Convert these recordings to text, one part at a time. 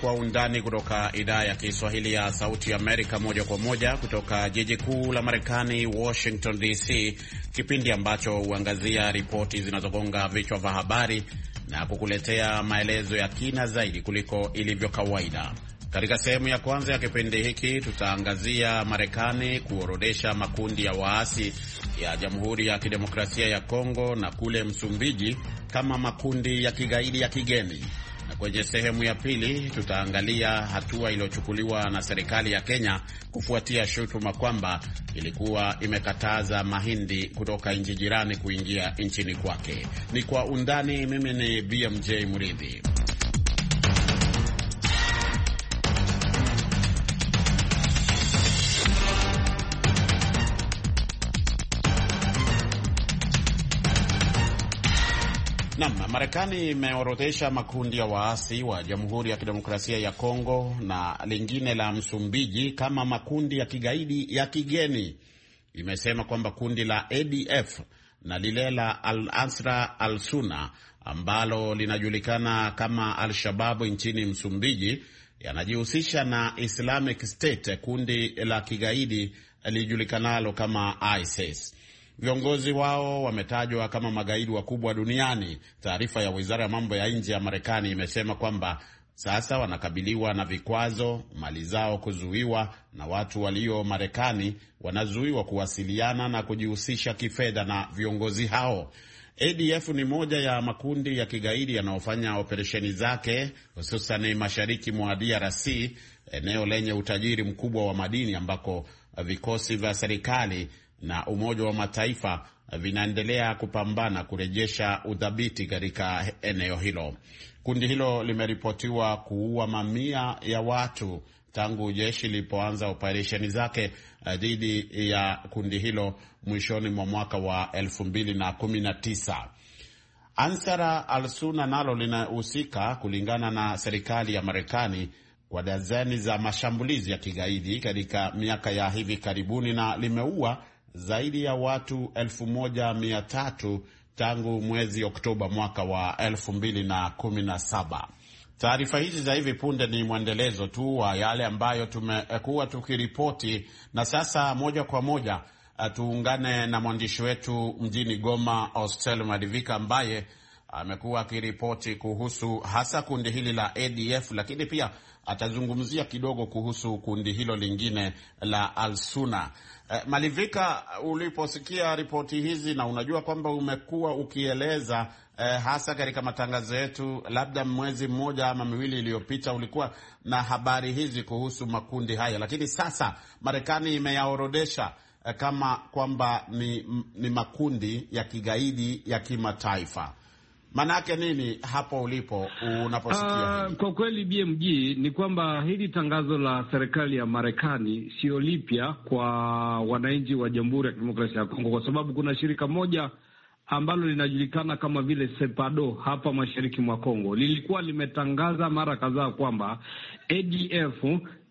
kwa undani kutoka idhaa ya Kiswahili ya Sauti ya Amerika, moja kwa moja kutoka jiji kuu la Marekani, Washington DC, kipindi ambacho huangazia ripoti zinazogonga vichwa vya habari na kukuletea maelezo ya kina zaidi kuliko ilivyo kawaida. Katika sehemu ya kwanza ya kipindi hiki tutaangazia Marekani kuorodesha makundi ya waasi ya Jamhuri ya Kidemokrasia ya Kongo na kule Msumbiji kama makundi ya kigaidi ya kigeni. Kwenye sehemu ya pili tutaangalia hatua iliyochukuliwa na serikali ya Kenya kufuatia shutuma kwamba ilikuwa imekataza mahindi kutoka nchi jirani kuingia nchini kwake. Ni kwa undani. Mimi ni BMJ Muridhi. Marekani imeorodhesha makundi ya waasi wa Jamhuri ya Kidemokrasia ya Kongo na lingine la Msumbiji kama makundi ya kigaidi ya kigeni. Imesema kwamba kundi la ADF na lile la Al-Ansra Al-Suna ambalo linajulikana kama Al-Shababu nchini Msumbiji yanajihusisha na Islamic State, kundi la kigaidi lijulikanalo kama ISIS. Viongozi wao wametajwa kama magaidi wakubwa duniani. Taarifa ya wizara ya mambo ya nje ya Marekani imesema kwamba sasa wanakabiliwa na vikwazo, mali zao kuzuiwa, na watu walio Marekani wanazuiwa kuwasiliana na kujihusisha kifedha na viongozi hao. ADF ni moja ya makundi ya kigaidi yanayofanya operesheni zake hususan mashariki mwa DRC, eneo lenye utajiri mkubwa wa madini ambako vikosi vya serikali na Umoja wa Mataifa vinaendelea kupambana kurejesha udhabiti katika eneo hilo. Kundi hilo limeripotiwa kuua mamia ya watu tangu jeshi lilipoanza operesheni zake eh, dhidi ya kundi hilo mwishoni mwa mwaka wa elfu Ansara al Suna nalo linahusika kulingana na serikali ya Marekani kwa dazeni za mashambulizi ya kigaidi katika miaka ya hivi karibuni na limeua zaidi ya watu 13 tangu mwezi Oktoba mwaka wa 217 Taarifa hizi za hivi punde ni mwendelezo tu wa yale ambayo tumekuwa tukiripoti, na sasa moja kwa moja eh, tuungane na mwandishi wetu mjini Goma, Austel Malivika ambaye amekuwa akiripoti kuhusu hasa kundi hili la ADF, lakini pia atazungumzia kidogo kuhusu kundi hilo lingine la Alsuna. E, eh, Malivika, uliposikia ripoti hizi na unajua kwamba umekuwa ukieleza e, hasa katika matangazo yetu, labda mwezi mmoja ama miwili iliyopita, ulikuwa na habari hizi kuhusu makundi haya, lakini sasa Marekani imeyaorodesha eh, kama kwamba ni, ni makundi ya kigaidi ya kimataifa. Manake nini hapo ulipo unaposikia? Uh, kwa kweli BMG ni kwamba hili tangazo la serikali ya Marekani sio lipya kwa wananchi wa Jamhuri ya Kidemokrasia ya Kongo, kwa sababu kuna shirika moja ambalo linajulikana kama vile Sepado hapa mashariki mwa Kongo lilikuwa limetangaza mara kadhaa kwamba ADF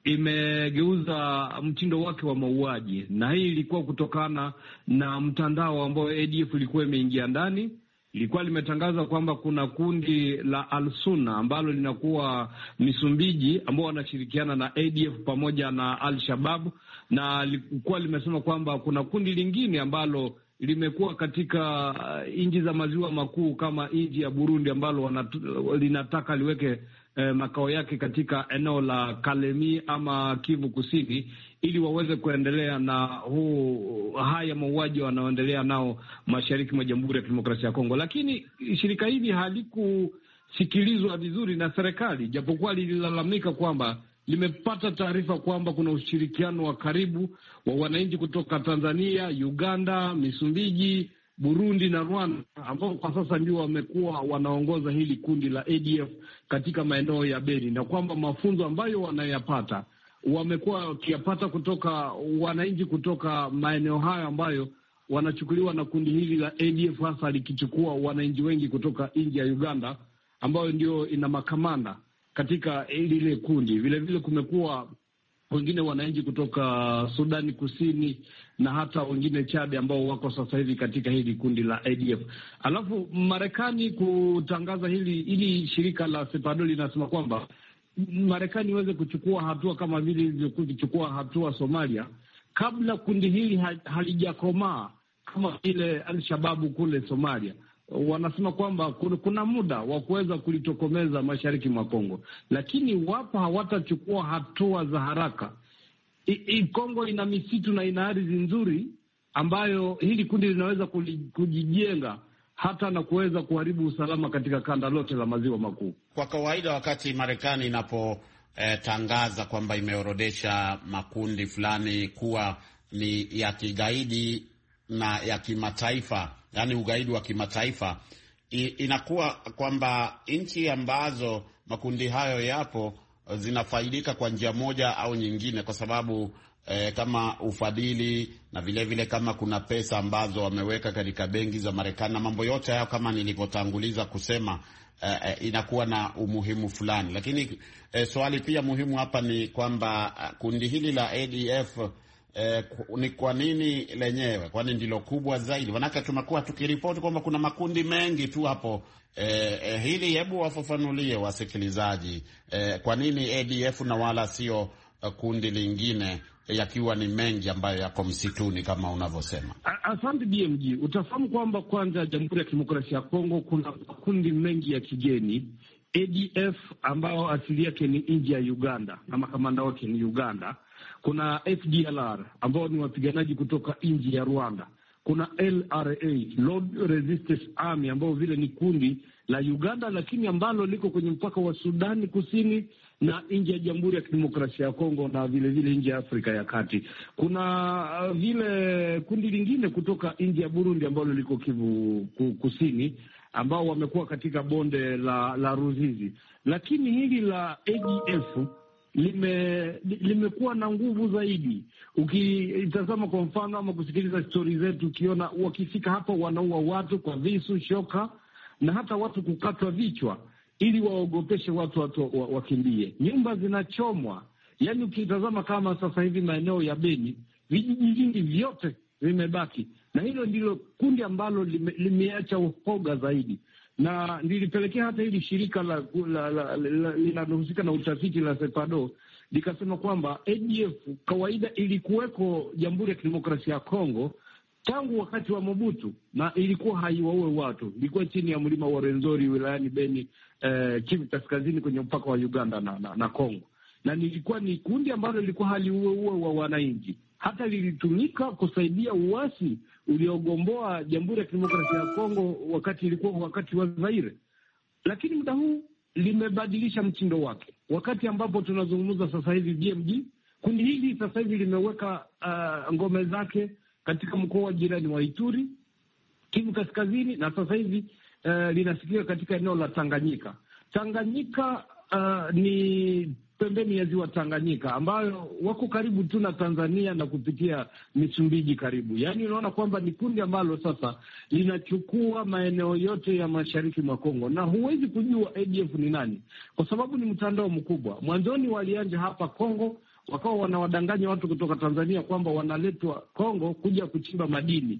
imegeuza mtindo wake wa mauaji, na hii ilikuwa kutokana na mtandao ambao ADF ilikuwa imeingia ndani lilikuwa limetangaza kwamba kuna kundi la Alsuna ambalo linakuwa Misumbiji, ambao wanashirikiana na ADF pamoja na Al shababu na lilikuwa limesema kwamba kuna kundi lingine ambalo limekuwa katika uh, nchi za maziwa makuu kama nchi ya Burundi ambalo linataka liweke eh, makao yake katika eneo la Kalemi ama Kivu Kusini ili waweze kuendelea na huu haya mauaji wanaoendelea nao mashariki mwa Jamhuri ya Kidemokrasia ya Kongo, lakini shirika hili halikusikilizwa vizuri na serikali, japokuwa lililalamika kwamba limepata taarifa kwamba kuna ushirikiano wa karibu wa wananchi kutoka Tanzania, Uganda, Misumbiji, Burundi na Rwanda ambao kwa sasa ndio wamekuwa wanaongoza hili kundi la ADF katika maeneo ya Beni, na kwamba mafunzo ambayo wanayapata wamekuwa wakiyapata kutoka wananchi kutoka maeneo hayo ambayo wanachukuliwa na kundi hili la ADF hasa likichukua wananchi wengi kutoka nchi ya Uganda ambayo ndio ina makamanda katika lile kundi. Vilevile kumekuwa wengine wananchi kutoka Sudani Kusini na hata wengine Chad ambao wako sasa hivi katika hili kundi la ADF. Alafu Marekani kutangaza hili, ili shirika la Sepado linasema kwamba Marekani iweze kuchukua hatua kama vile ilivyochukua hatua Somalia kabla kundi hili halijakomaa kama vile Alshababu kule Somalia wanasema kwamba kuna muda wa kuweza kulitokomeza mashariki mwa Kongo, lakini iwapo hawatachukua hatua za haraka I, I, Kongo ina misitu na ina ardhi nzuri ambayo hili kundi linaweza kujijenga hata na kuweza kuharibu usalama katika kanda lote la maziwa makuu. Kwa kawaida, wakati Marekani inapotangaza eh, kwamba imeorodesha makundi fulani kuwa ni ya kigaidi na ya kimataifa yani ugaidi wa kimataifa, inakuwa kwamba nchi ambazo makundi hayo yapo eh, zinafaidika kwa njia moja au nyingine, kwa sababu eh, kama ufadhili na vilevile vile kama kuna pesa ambazo wameweka katika benki za Marekani na mambo yote hayo kama nilivyotanguliza kusema eh, eh inakuwa na umuhimu fulani, lakini eh, swali pia muhimu hapa ni kwamba eh, kundi hili la ADF eh, ni kwa nini lenyewe, kwani ndilo kubwa zaidi? Manake tumekuwa tukiripoti kwamba kuna makundi mengi tu hapo. Eh, eh, hili hebu wafafanulie wasikilizaji, eh, kwa nini ADF na wala sio eh, kundi lingine eh, yakiwa ni mengi ambayo yako msituni kama unavyosema. Asante BMG. Utafahamu kwamba kwanza, Jamhuri ya Kidemokrasia ya Kongo kuna makundi mengi ya kigeni. ADF ambao asili yake ni nchi ya Uganda na makamanda wake ni Uganda, kuna FDLR ambao ni wapiganaji kutoka nchi ya Rwanda, kuna LRA, Lord Resistance Army, ambao vile ni kundi la Uganda lakini ambalo liko kwenye mpaka wa Sudani Kusini na nchi ya Jamhuri ya Kidemokrasia ya Kongo na vilevile nchi ya Afrika ya Kati. Kuna uh, vile kundi lingine kutoka nchi ya Burundi ambalo liko Kivu Kusini ambao wamekuwa katika bonde la, la Ruzizi, lakini hili la ADF lime- limekuwa na nguvu zaidi. Ukitazama kwa mfano ama kusikiliza stori zetu, ukiona wakifika hapa wanaua watu kwa visu, shoka na hata watu kukatwa vichwa ili waogopeshe watu, watu wakimbie, nyumba zinachomwa. Yaani ukitazama kama sasa hivi maeneo ya Beni, vijiji vingi vyote vimebaki, na hilo ndilo kundi ambalo lime, limeacha uhoga zaidi na lilipelekea hata hili shirika linalohusika na utafiti la Sepado likasema kwamba ADF kawaida ilikuweko Jamhuri ya Kidemokrasia ya Kongo tangu wakati wa Mobutu na ilikuwa haiwaue watu, ilikuwa chini ya mlima wa Renzori wilayani Beni, eh, Kivu Kaskazini, kwenye mpaka wa Uganda na, na, na Kongo, na nilikuwa ni kundi ambalo lilikuwa haliueue wa wananchi, hata lilitumika kusaidia uasi uliogomboa Jamhuri ya Kidemokrasia ya Kongo wakati ilikuwa wakati wa Zaire, lakini muda huu limebadilisha mtindo wake. Wakati ambapo tunazungumza sasa hivi BMG, kundi hili sasa hivi limeweka uh, ngome zake katika mkoa wa jirani wa Ituri, Kivu Kaskazini, na sasa hivi uh, linasikika katika eneo la Tanganyika. Tanganyika uh, ni pembeni ya ziwa Tanganyika ambayo wako karibu tu na Tanzania na kupitia Msumbiji karibu. Yaani unaona kwamba ni kundi ambalo sasa linachukua maeneo yote ya mashariki mwa Kongo, na huwezi kujua ADF ni nani, kwa sababu ni mtandao mkubwa. Mwanzoni walianja hapa Kongo, wakawa wanawadanganya watu kutoka Tanzania kwamba wanaletwa Kongo kuja kuchimba madini,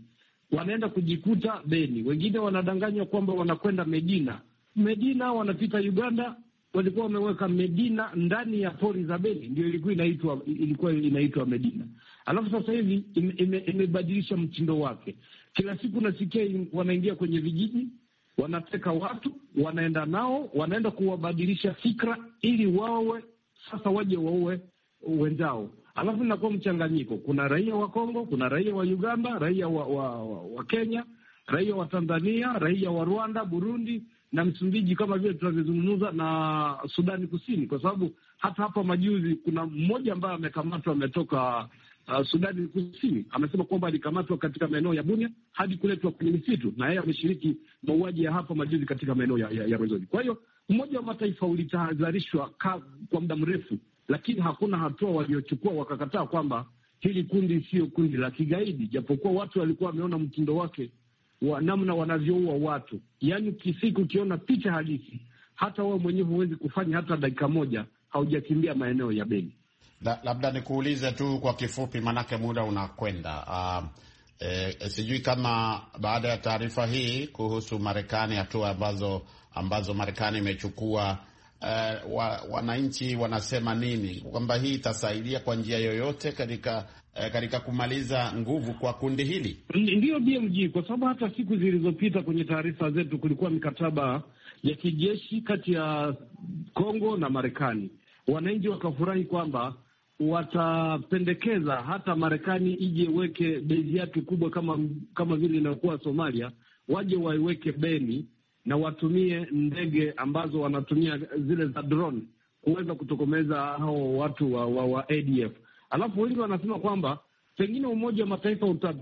wanaenda kujikuta Beni. Wengine wanadanganywa kwamba wanakwenda Medina Medina wanapita Uganda, walikuwa wameweka Medina ndani ya pori za Beni, ndio ilikuwa inaitwa ilikuwa inaitwa Medina. Alafu sasa hivi imebadilisha ime, ime mtindo wake. Kila siku nasikia wanaingia kwenye vijiji, wanateka watu, wanaenda nao, wanaenda kuwabadilisha fikra ili wawe sasa waje waue wenzao. Alafu inakuwa mchanganyiko, kuna raia wa Kongo, kuna raia wa Uganda, raia wa, wa, wa, wa Kenya, raia wa Tanzania, raia wa Rwanda, Burundi na Msumbiji kama vile tunavyozungumza na Sudani Kusini, kwa sababu hata hapa majuzi kuna mmoja ambaye amekamatwa ametoka uh, Sudani Kusini, amesema kwamba alikamatwa katika maeneo ya Bunia hadi kuletwa kwenye misitu, na yeye ameshiriki mauaji ya hapa majuzi katika maeneo ya, ya, ya Rwenzori. Kwa hiyo Umoja wa Mataifa ulitahadharishwa kwa muda mrefu, lakini hakuna hatua waliochukua, wakakataa kwamba hili kundi sio kundi la kigaidi, japokuwa watu walikuwa wameona mtindo wake wa namna wanavyoua watu, yaani kisiku ukiona picha halisi, hata wewe mwenyewe huwezi kufanya hata dakika moja haujakimbia maeneo ya Beni. La, labda nikuulize tu kwa kifupi, manake muda unakwenda. Uh, eh, sijui kama baada ya taarifa hii kuhusu Marekani, hatua ambazo ambazo Marekani imechukua uh, wa, wananchi wanasema nini, kwamba hii itasaidia kwa njia yoyote katika uh, katika kumaliza nguvu kwa kundi hili? Ndiyo BMG, kwa sababu hata siku zilizopita kwenye taarifa zetu kulikuwa mikataba ya kijeshi kati ya Kongo na Marekani. Wananchi wakafurahi kwamba watapendekeza hata Marekani ije iweke bezi yake kubwa kama kama vile inayokuwa Somalia, waje waiweke Beni na watumie ndege ambazo wanatumia zile za drone kuweza kutokomeza hao watu wa, wa, wa ADF. Alafu wengi wanasema kwamba pengine Umoja wa Mataifa uta,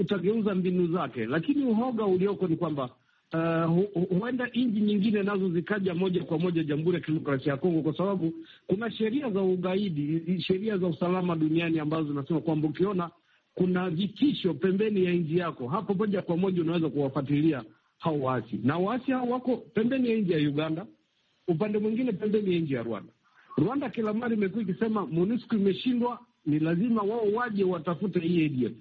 utageuza mbinu zake, lakini uhoga ulioko ni kwamba uh, huenda nchi nyingine nazo zikaja moja kwa moja Jamhuri ya Kidemokrasia ya Kongo, kwa sababu kuna sheria za ugaidi, sheria za usalama duniani ambazo zinasema kwamba ukiona kuna vitisho pembeni ya nchi yako, hapo moja kwa moja unaweza kuwafuatilia hao waasi, na waasi hao wako pembeni ya nchi ya Uganda, upande mwingine pembeni ya nchi ya Rwanda. Rwanda kila mara imekuwa ikisema MONUSCO imeshindwa, ni lazima wao waje watafute hii ADF.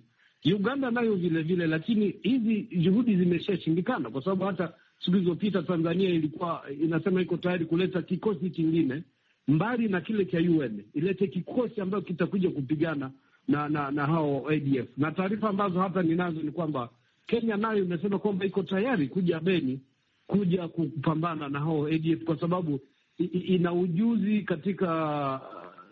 Uganda nayo vile vile, lakini hizi juhudi zimeshashindikana kwa sababu hata siku zilizopita Tanzania ilikuwa inasema iko tayari kuleta kikosi kingine mbali na kile cha UN, ilete kikosi ambayo kitakuja kupigana na na, na hao ADF. Na taarifa ambazo hapa ninazo ni kwamba Kenya nayo imesema kwamba iko tayari kuja Beni kuja kupambana na hao ADF kwa sababu ina ujuzi katika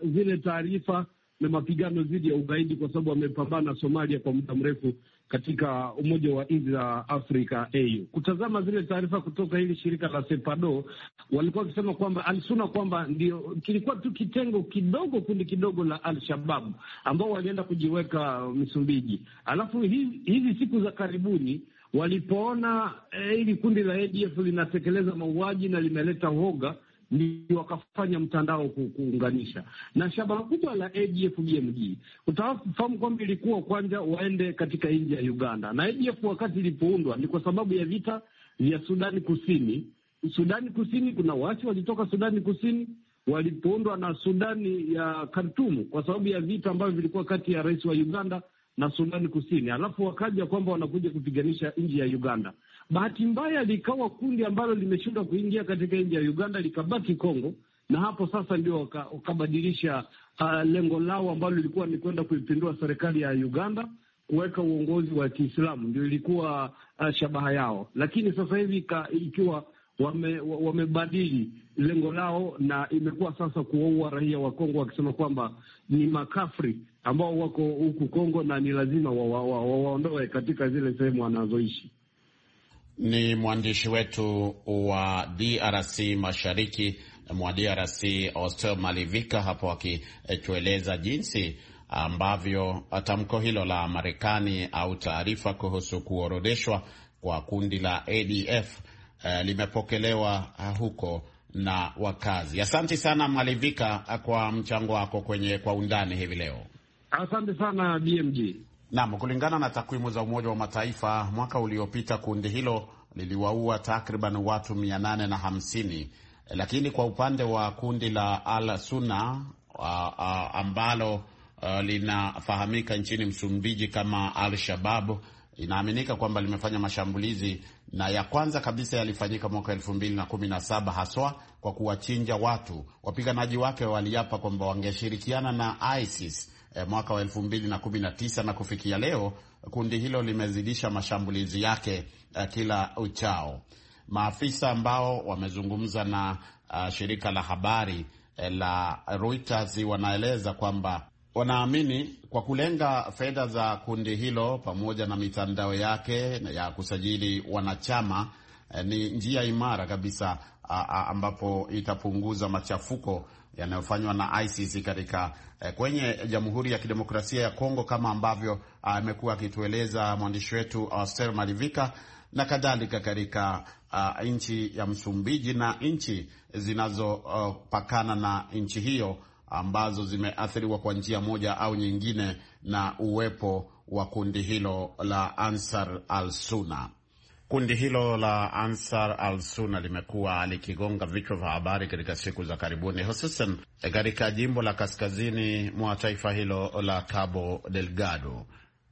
uh, zile taarifa na mapigano dhidi ya ugaidi, kwa sababu amepambana Somalia kwa muda mrefu katika Umoja wa Nchi za Afrika au kutazama zile taarifa kutoka hili shirika la Sepado, walikuwa wakisema kwamba alisuna kwamba ndio kilikuwa tu kitengo kidogo, kundi kidogo la Al-Shababu ambao walienda kujiweka Msumbiji, alafu hizi, hizi siku za karibuni walipoona eh, hili eh, kundi la ADF linatekeleza mauaji na limeleta hoga ndio wakafanya mtandao kuunganisha na shabaha kubwa la ADF GMG. Utafahamu kwamba ilikuwa kwanza waende katika nchi ya Uganda, na ADF wakati ilipoundwa ni kwa sababu ya vita vya Sudani Kusini. Sudani Kusini kuna waasi walitoka Sudani Kusini walipoundwa na Sudani ya Khartoum kwa sababu ya vita ambavyo vilikuwa kati ya rais wa Uganda na Sudani Kusini, alafu wakaja kwamba wanakuja kupiganisha nchi ya Uganda. Bahati mbaya likawa kundi ambalo limeshindwa kuingia katika nchi ya Uganda, likabaki Kongo, na hapo sasa ndio wakabadilisha uh, lengo lao ambalo lilikuwa ni kwenda kuipindua serikali ya Uganda, kuweka uongozi wa Kiislamu, ndio ilikuwa uh, shabaha yao, lakini sasa hivi ikiwa ikiwa wame, wamebadili lengo lao na imekuwa sasa kuwaua raia wa Kongo wakisema kwamba ni makafri ambao wako huku Kongo na ni lazima wawaondoe wa, wa, wa katika zile sehemu wanazoishi ni mwandishi wetu wa DRC mashariki mwa DRC Ostel Malivika hapo akitueleza jinsi ambavyo tamko hilo la Marekani au taarifa kuhusu kuorodeshwa kwa kundi la ADF eh, limepokelewa ah, huko na wakazi. Asante sana Malivika kwa mchango wako kwenye kwa undani hivi leo. Asante sana BMG. Naam, kulingana na takwimu za Umoja wa Mataifa, mwaka uliopita kundi hilo liliwaua takriban watu 850 lakini kwa upande wa kundi la Al Suna ambalo a, linafahamika nchini Msumbiji kama Al Shabab inaaminika kwamba limefanya mashambulizi na ya kwanza kabisa yalifanyika mwaka elfu mbili na kumi na saba haswa kwa kuwachinja watu. Wapiganaji wake waliapa kwamba wangeshirikiana na ISIS Eh, mwaka wa 2019 na kufikia leo kundi hilo limezidisha mashambulizi yake eh, kila uchao. Maafisa ambao wamezungumza na uh, shirika la habari la Reuters wanaeleza kwamba wanaamini kwa kulenga fedha za kundi hilo pamoja na mitandao yake ya kusajili wanachama ni njia imara kabisa ambapo itapunguza machafuko yanayofanywa na ICC katika eh, kwenye Jamhuri ya Kidemokrasia ya Kongo kama ambavyo ah, amekuwa akitueleza mwandishi wetu Auster Malivika na kadhalika katika ah, nchi ya Msumbiji na nchi zinazopakana uh, na nchi hiyo ambazo zimeathiriwa kwa njia moja au nyingine na uwepo wa kundi hilo la Ansar al Sunna. Kundi hilo la Ansar al suna limekuwa likigonga vichwa vya habari katika siku za karibuni, hususan katika jimbo la kaskazini mwa taifa hilo la Cabo Delgado,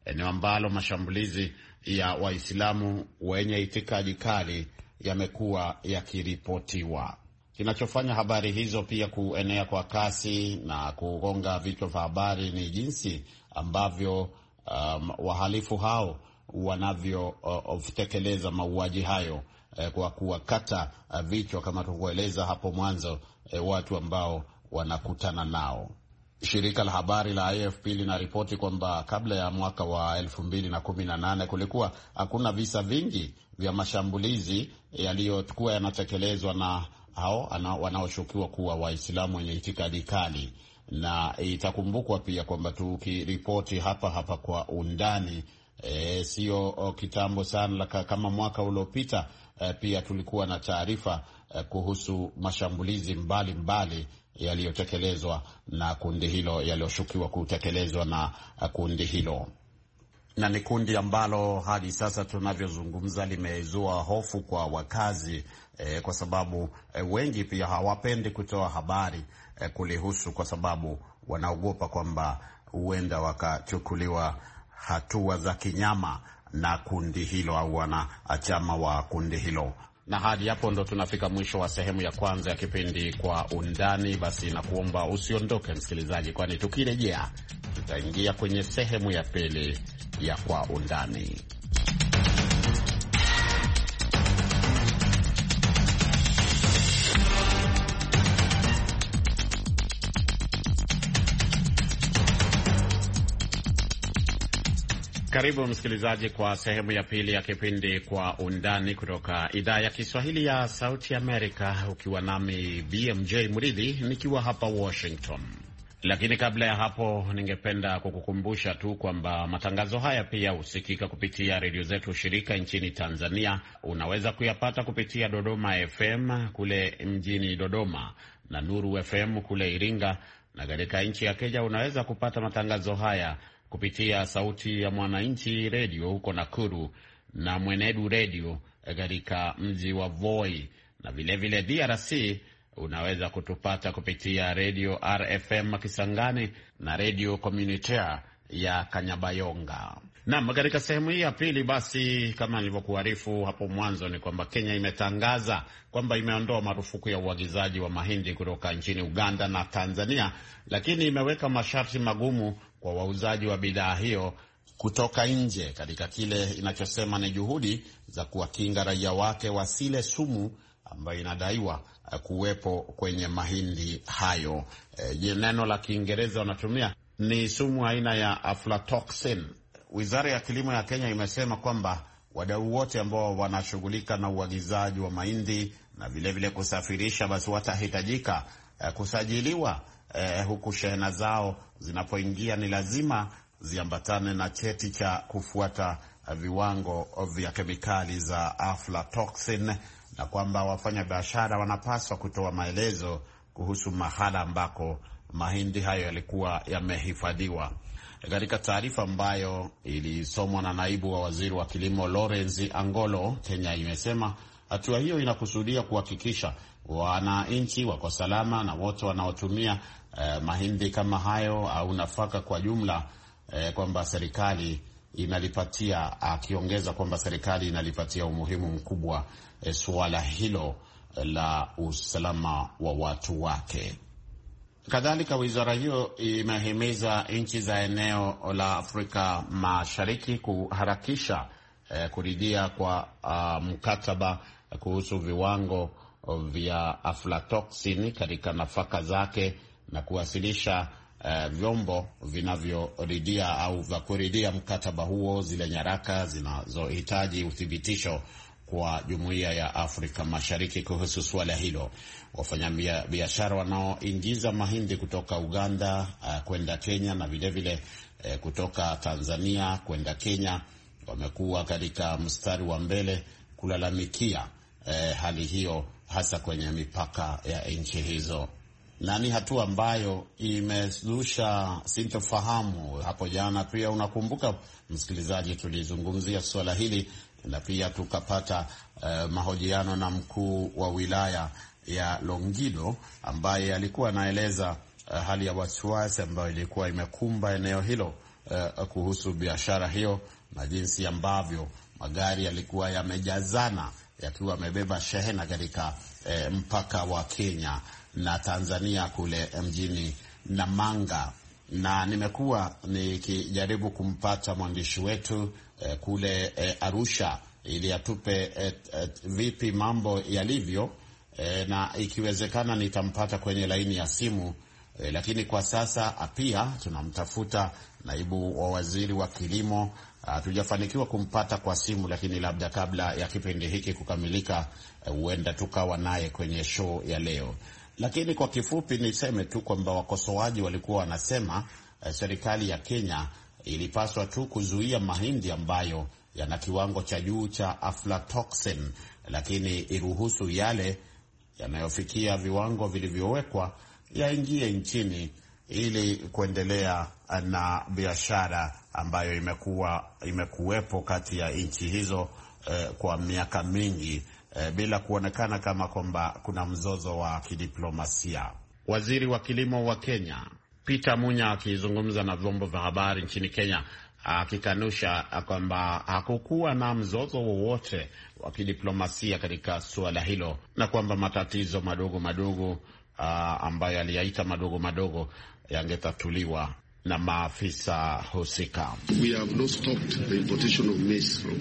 eneo ambalo mashambulizi ya Waislamu wenye itikadi kali yamekuwa yakiripotiwa. Kinachofanya habari hizo pia kuenea kwa kasi na kugonga vichwa vya habari ni jinsi ambavyo um, wahalifu hao wanavyotekeleza uh, mauaji hayo uh, kwa kuwakata uh, vichwa kama tulivyoeleza hapo mwanzo uh, watu ambao wanakutana nao. Shirika la habari la AFP linaripoti kwamba kabla ya mwaka wa 2018 kulikuwa hakuna visa vingi vya mashambulizi yaliyokuwa yanatekelezwa na hao wanaoshukiwa kuwa Waislamu wenye itikadi kali, na itakumbukwa pia kwamba tukiripoti hapa hapa kwa undani e, sio oh, kitambo sana kama mwaka uliopita e, pia tulikuwa na taarifa e, kuhusu mashambulizi mbalimbali yaliyotekelezwa na kundi hilo, yaliyoshukiwa kutekelezwa na kundi hilo na ni kundi ambalo hadi sasa tunavyozungumza limezua hofu kwa wakazi e, kwa sababu e, wengi pia hawapendi kutoa habari e, kulihusu, kwa sababu wanaogopa kwamba huenda wakachukuliwa hatua za kinyama na kundi hilo au wanachama wa kundi hilo. Na hadi hapo ndo tunafika mwisho wa sehemu ya kwanza ya kipindi Kwa Undani. Basi nakuomba usiondoke msikilizaji, kwani tukirejea tutaingia kwenye sehemu ya pili ya Kwa Undani. Karibu msikilizaji kwa sehemu ya pili ya kipindi Kwa Undani kutoka idhaa ya Kiswahili ya Sauti Amerika, ukiwa nami BMJ Mridhi nikiwa hapa Washington. Lakini kabla ya hapo, ningependa kukukumbusha tu kwamba matangazo haya pia husikika kupitia redio zetu shirika nchini Tanzania. Unaweza kuyapata kupitia Dodoma FM kule mjini Dodoma na Nuru FM kule Iringa, na katika nchi ya Kenya unaweza kupata matangazo haya kupitia Sauti ya Mwananchi redio huko Nakuru na Mwenedu redio eh, katika mji wa Voi, na vilevile vile DRC unaweza kutupata kupitia redio RFM Kisangani na redio Communitaire ya Kanyabayonga. Naam, katika sehemu hii ya pili, basi kama nilivyokuarifu hapo mwanzo, ni kwamba Kenya imetangaza kwamba imeondoa marufuku ya uagizaji wa mahindi kutoka nchini Uganda na Tanzania, lakini imeweka masharti magumu kwa wauzaji wa bidhaa hiyo kutoka nje katika kile inachosema ni juhudi za kuwakinga raia wake wasile sumu ambayo inadaiwa kuwepo kwenye mahindi hayo. E, neno la Kiingereza wanatumia ni sumu aina ya aflatoxin. Wizara ya kilimo ya Kenya imesema kwamba wadau wote ambao wanashughulika na uagizaji wa mahindi na vilevile vile kusafirisha, basi watahitajika e, kusajiliwa eh, huku shehena zao zinapoingia ni lazima ziambatane na cheti cha kufuata viwango vya kemikali za aflatoxin na kwamba wafanya biashara wanapaswa kutoa maelezo kuhusu mahala ambako mahindi hayo yalikuwa yamehifadhiwa. Katika taarifa ambayo ilisomwa na naibu wa waziri wa kilimo Lawrence Angolo, Kenya imesema hatua hiyo inakusudia kuhakikisha wananchi wako salama na wote wanaotumia eh, mahindi kama hayo au nafaka kwa jumla eh, kwamba serikali inalipatia, akiongeza kwamba serikali inalipatia umuhimu mkubwa eh, suala hilo eh, la usalama wa watu wake. Kadhalika, wizara hiyo imehimiza nchi za eneo la Afrika Mashariki kuharakisha eh, kuridhia kwa uh, mkataba kuhusu viwango vya aflatoxin katika nafaka zake na kuwasilisha uh, vyombo vinavyoridhia au vya kuridhia mkataba huo, zile nyaraka zinazohitaji uthibitisho kwa jumuiya ya Afrika Mashariki kuhusu suala hilo. Wafanyabiashara wanaoingiza mahindi kutoka Uganda uh, kwenda Kenya na vilevile uh, eh, kutoka Tanzania kwenda Kenya wamekuwa katika mstari wa mbele kulalamikia uh, hali hiyo hasa kwenye mipaka ya nchi hizo na ni hatua ambayo imezusha sintofahamu. Hapo jana pia, unakumbuka msikilizaji, tulizungumzia suala hili na pia tukapata uh, mahojiano na mkuu wa wilaya ya Longido ambaye alikuwa anaeleza uh, hali ya wasiwasi ambayo ilikuwa imekumba eneo hilo uh, kuhusu biashara hiyo na jinsi ambavyo magari yalikuwa yamejazana yakiwa yamebeba shehena katika eh, mpaka wa Kenya na Tanzania kule mjini Namanga, na nimekuwa nikijaribu kumpata mwandishi wetu eh, kule eh, Arusha ili atupe eh, eh, vipi mambo yalivyo eh, na ikiwezekana nitampata kwenye laini ya simu eh, lakini kwa sasa ah, pia tunamtafuta naibu wa waziri wa kilimo hatujafanikiwa kumpata kwa simu, lakini labda kabla ya kipindi hiki kukamilika, eh, huenda tukawa naye kwenye show ya leo. Lakini kwa kifupi niseme tu kwamba wakosoaji walikuwa wanasema eh, serikali ya Kenya ilipaswa tu kuzuia mahindi ambayo yana kiwango cha juu cha aflatoxin, lakini iruhusu yale yanayofikia viwango vilivyowekwa yaingie nchini ili kuendelea eh, na biashara ambayo imekuwa imekuwepo kati ya nchi hizo eh, kwa miaka mingi eh, bila kuonekana kama kwamba kuna mzozo wa kidiplomasia. Waziri wa kilimo wa Kenya Peter Munya akizungumza na vyombo vya habari nchini Kenya akikanusha kwamba hakukuwa na mzozo wowote wa kidiplomasia katika suala hilo na kwamba matatizo madogo madogo ah, ambayo aliyaita madogo madogo yangetatuliwa na maafisa husika. We have not stopped the importation of maize from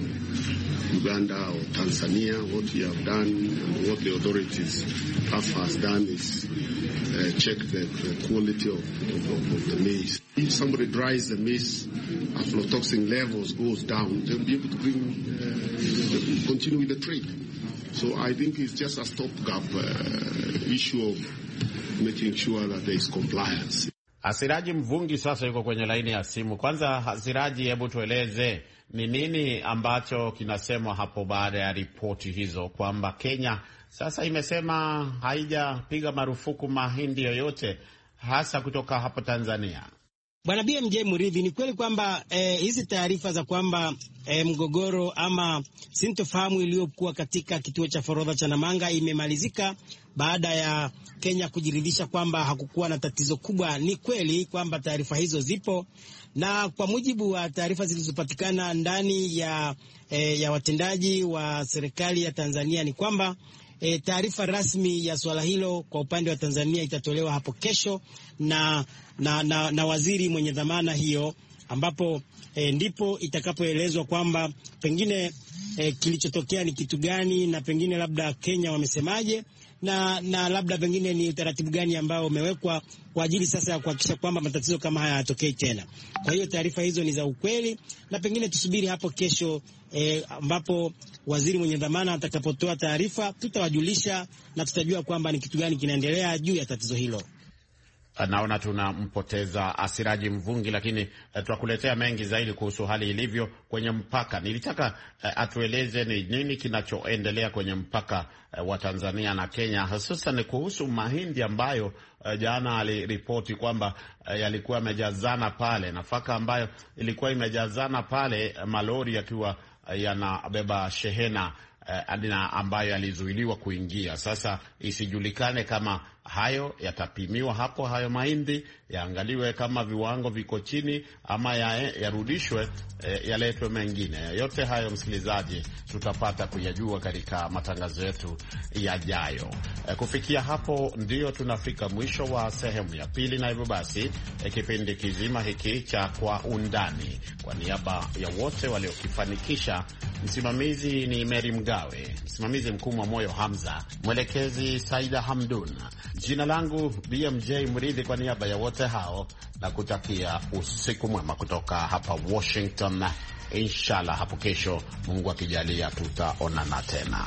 Uganda or Tanzania. What we have done and what the authorities have has done is uh, check the, the quality of, of, of the maize. If somebody dries the maize, aflatoxin levels goes down, they'll be able to bring, uh, continue with the trade. So I think it's just a stopgap uh, issue of making sure that there is compliance. Asiraji Mvungi sasa yuko kwenye laini ya simu. Kwanza Asiraji, hebu tueleze ni nini ambacho kinasemwa hapo baada ya ripoti hizo kwamba Kenya sasa imesema haijapiga marufuku mahindi yoyote hasa kutoka hapo Tanzania? Bwana BMJ Muridhi, ni kweli kwamba eh, hizi taarifa za kwamba eh, mgogoro ama sintofahamu iliyokuwa katika kituo cha forodha cha Namanga imemalizika baada ya Kenya kujiridhisha kwamba hakukuwa na tatizo kubwa. Ni kweli kwamba taarifa hizo zipo, na kwa mujibu wa taarifa zilizopatikana ndani ya, eh, ya watendaji wa serikali ya Tanzania ni kwamba E, taarifa rasmi ya suala hilo kwa upande wa Tanzania itatolewa hapo kesho, na na, na, na waziri mwenye dhamana hiyo ambapo e, ndipo itakapoelezwa kwamba pengine e, kilichotokea ni kitu gani na pengine labda Kenya wamesemaje na, na labda pengine ni utaratibu gani ambao umewekwa kwa ajili sasa ya kuhakikisha kwamba matatizo kama haya hayatokei tena. Kwa hiyo taarifa hizo ni za ukweli na pengine tusubiri hapo kesho e, ambapo waziri mwenye dhamana atakapotoa taarifa, tutawajulisha na tutajua kwamba ni kitu gani kinaendelea juu ya tatizo hilo. Eh, naona tunampoteza Asiraji Mvungi, lakini eh, twakuletea mengi zaidi kuhusu hali ilivyo kwenye mpaka. Nilitaka eh, atueleze ni nini kinachoendelea kwenye mpaka wa Tanzania na Kenya, hususan kuhusu mahindi ambayo jana aliripoti kwamba yalikuwa yamejazana pale, nafaka ambayo ilikuwa imejazana pale, malori yakiwa yanabeba shehena ambayo yalizuiliwa kuingia. Sasa isijulikane kama hayo yatapimiwa hapo, hayo mahindi yaangaliwe kama viwango viko chini ama yarudishwe, ya eh, yaletwe mengine. Yote hayo msikilizaji, tutapata kuyajua katika matangazo yetu yajayo. Eh, kufikia hapo ndio tunafika mwisho wa sehemu ya pili, na hivyo basi eh, kipindi kizima hiki cha Kwa Undani, kwa niaba ya wote waliokifanikisha, msimamizi ni Meri Mgawe, msimamizi mkuu wa Moyo Hamza, mwelekezi Saida Hamdun. Jina langu BMJ Mridhi, kwa niaba ya wote hao na kutakia usiku mwema kutoka hapa Washington. Inshallah hapo kesho, Mungu akijalia, tutaonana tena.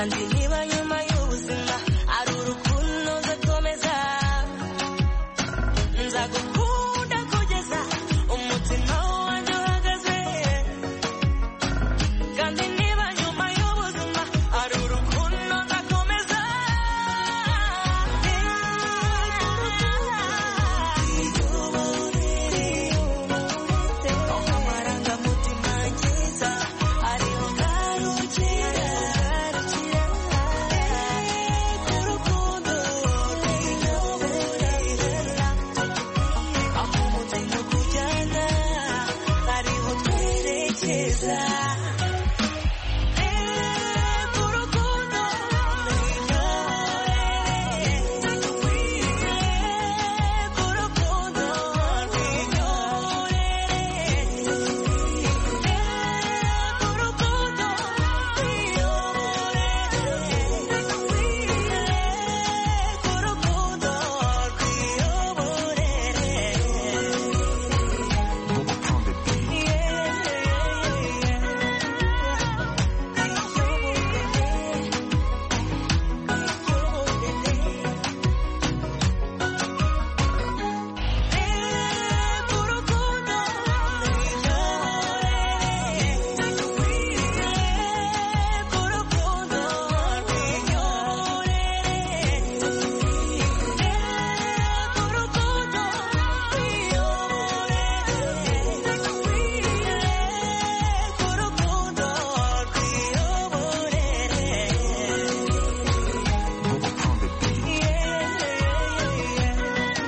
and you.